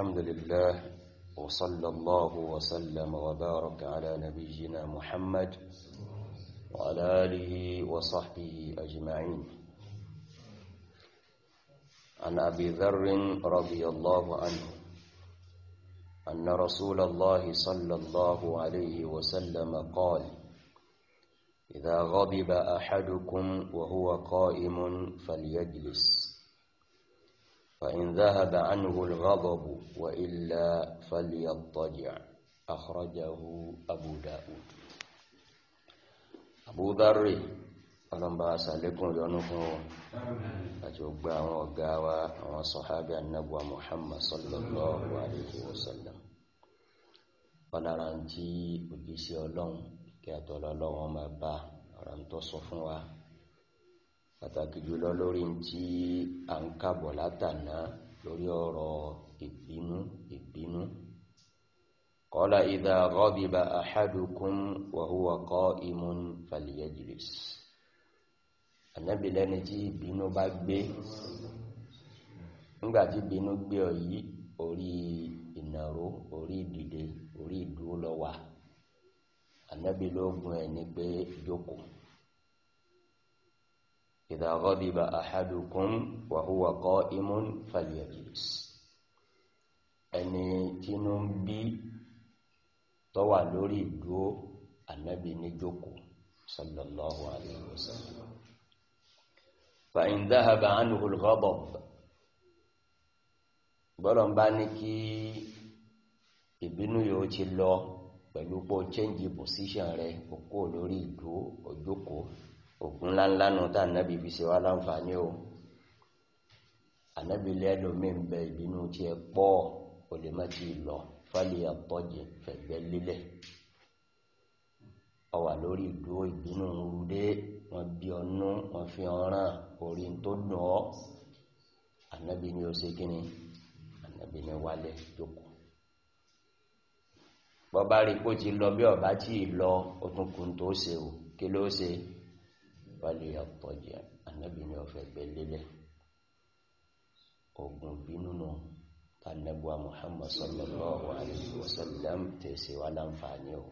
الحمد لله وصلى الله وسلم وبارك على نبينا محمد وعلى آله وصحبه أجمعين عن أبي ذر رضي الله عنه أن رسول الله صلى الله عليه وسلم قال إذا غضب أحدكم وهو قائم فليجلس فإن ذهب عنه الغضب وإلا فليضطجع أخرجه أبو داود أبو ذر ọlọ́mbà sàlékún yọnú fún wọn àti ògbà àwọn ọ̀gá wa àwọn sọ̀hábí annabuwa muhammad sallallahu alayhi wa sallam ọlára tí òjíṣẹ́ ọlọ́run kí àtọ́lọ́lọ́wọ́n máa bá ọ̀rọ̀ tó sọ fún wa pàtàkì jùlọ lórí tí à ń kàbọ̀ látànà lórí ọ̀rọ̀ ìbínú ìbínú qala idha ghadiba ahadukum wa huwa qa'imun falyajlis ànábì lẹ́ni tí ìbínú bá gbé nígbà tí ìbínú gbé ọ yìí orí ìnàró orí ìdìde orí ìdúró lọ wà ànábì ẹ̀ ní pé jókòó إذا غضب أحدكم وهو قائم فليجلس ẹni tínú ń bí tó wà lórí ìdúró ànábì ní jókòó sallallahu alayhi wa sallam fa in dhahaba anhu al-ghadab gbọ́dọ̀ bá ní kí ìbínú yóò ti lọ pẹ̀lú pé o change position rẹ o kó lórí ìdúró o jókòó ògùn ńláńlá nu tá ànábì fi ṣe wá láǹfààní o ànábì lẹ́lòmíín bẹ ìbínú tí ẹ pọ̀ ò lè má ti lọ fálẹ̀ àpọ̀jẹ̀ fẹ̀gbẹ́ lélẹ̀ ọwà lórí ìdúró ìbínú rúdé wọn bí ọnú wọn fi ọràn orí tó dùn ọ ànábì ni ó ṣe kíni ànábì ni wálẹ̀ jókòó bọ́bá rí kó ti lọ bí ọba tí ì lọ ó tún kùn tó ṣe o kí ló ṣe bali yàtọ̀jẹ̀ anabi ni ọ̀fẹ́ gbẹlélẹ̀ ogun bínú nù tànàbùwà muhammad sallallahu alayhi wa sallam tẹ̀sí wa láǹfààní o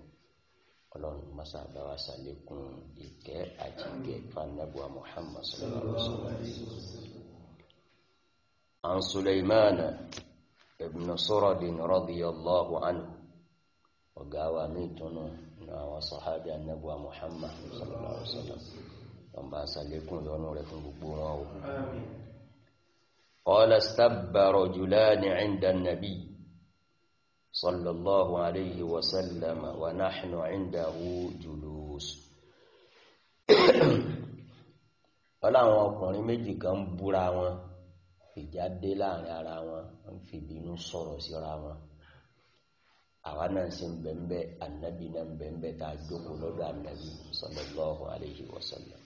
ọlọ́run masa àbáwá sàlékún ìkẹ́ àti ìkẹ́ fànàbùwà muhammad sallallahu alayhi wa sallam an sulaimana ibn suradin radiyallahu anhu ọ̀gá wa ní ìtúnu ní àwọn sọ̀hábí anabuwa sallallahu alayhi wa sallam ọba sàlékún yọnú rẹ̀ fún gbogbo wọn o قال استب رجلان عند النبي صلى الله عليه وسلم ونحن عنده جلوس ọlá àwọn ọkùnrin méjì kan ń búra wọn ìjà dé láàrin ara wọn ń fìbínú sọ̀rọ̀ síra wọn àwa náà sì ń bẹ̀ńbẹ̀ ànábì náà ń tá a jókòó lọ́dọ̀ ànábì sallallahu alaihi wasallam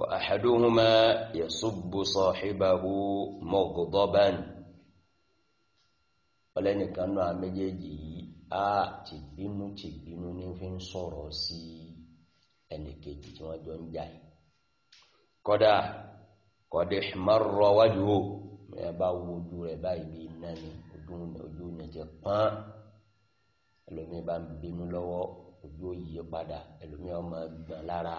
وأحدهما يصب صاحبه مغضبا ọlẹ́nìkan náà méjèèjì yìí á ti bínú ti bínú ní fi ń sọ̀rọ̀ sí ẹnìkejì tí wọ́n jọ ń jà yìí kọ́dà kọ́dà ìmọ̀rọ̀ wájú ó ẹ bá wo ojú rẹ̀ báyìí bí iná ni ojú ni ti pọ́n ẹlòmíì bá ń bínú lọ́wọ́ ojú yí padà ẹlòmíì ọmọ gbọ̀n lára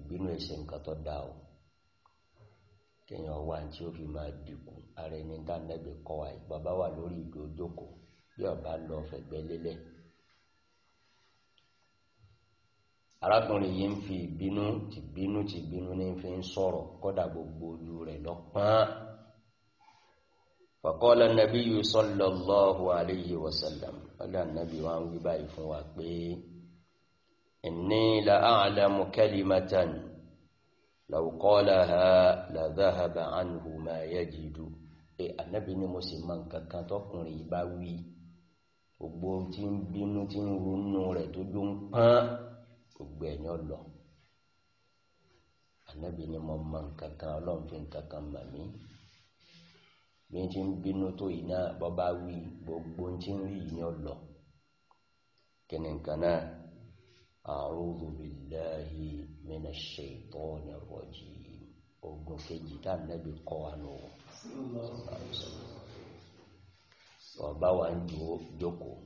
ìbínú ẹ̀ṣẹ̀ nǹkan tó dá o kéèyàn wá tí ó fi máa dìkù ara ẹni tá nẹ́bí kọ́ wa bàbá wà lórí ìlú ojókòó bí ọba lọ fẹ̀gbẹ́ lélẹ̀ arákùnrin yìí ń fi ìbínú ti bínú ti bínú ní fi ń sọ̀rọ̀ kódà gbogbo ojú rẹ̀ lọ́pọ́n fọ̀kọ́lá nàbí yìí sallallahu alayhi wa sallam nàbí wa ń wí báyìí fún wa pé إني لأعلم كلمة لو قالها لذهب عنه ما يجد Ànábì ni mo sì mọ nǹkan kan tọkùnrin yìí bá wí gbogbo tí ń bínú tí ń ronú rẹ̀ tó ló ń pọ́n gbogbo ẹ̀yìn ọ̀lọ́ Ànábì ni mo mọ nǹkan kan Ọlọ́run fi mí bí n ti ń bínú tó yìí náà bọ́ bá wí gbogbo tí ń rí yìí ni ọ̀lọ́ kí náà. أعوذ بالله من الشيطان الرجيم ogun kejì tá nẹ́bí kọ́ wa nù ọba wa ń jókòó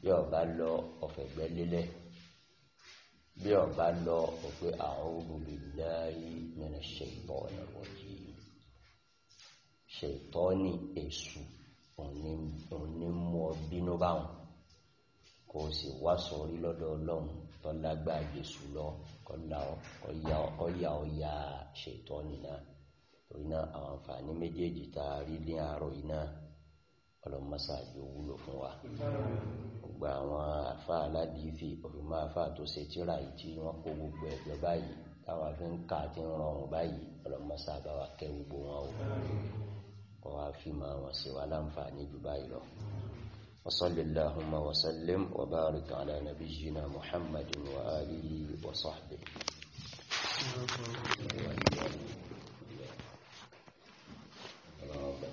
bí ọba lọ ọ̀fẹ̀gbẹ́ lélẹ̀ bí ọba lọ òpin a'udhu billahi minash shaitonir rajim ṣètọ́ ní èṣù òní mú ọ bínú kó o sì wá sọ̀rí lọ́dọ̀ ọlọ́run tó lágbára jésù lọ kọ́yà ọ̀yà ṣètọ́ nìyà torí náà àwọn àǹfààní méjèèjì tá a rí ní àárọ̀ yìí náà ọlọ́mọsáàjì ó wúlò fún wa gbogbo àwọn àfa aládìífì òfìmọ̀ àfa tó ṣe tíra yìí tí wọ́n kó gbogbo ẹ̀jọ́ báyìí táwọn afi ń ka àti ń rọrùn báyìí ọlọ́mọsáàbá wa kẹ́ gbogbo wọn o kọ́ wa fi máa wọn ṣe wa láǹfààní jù báyìí lọ. وصل اللهم وسلم وبارك على نبينا محمد وآله وصحبه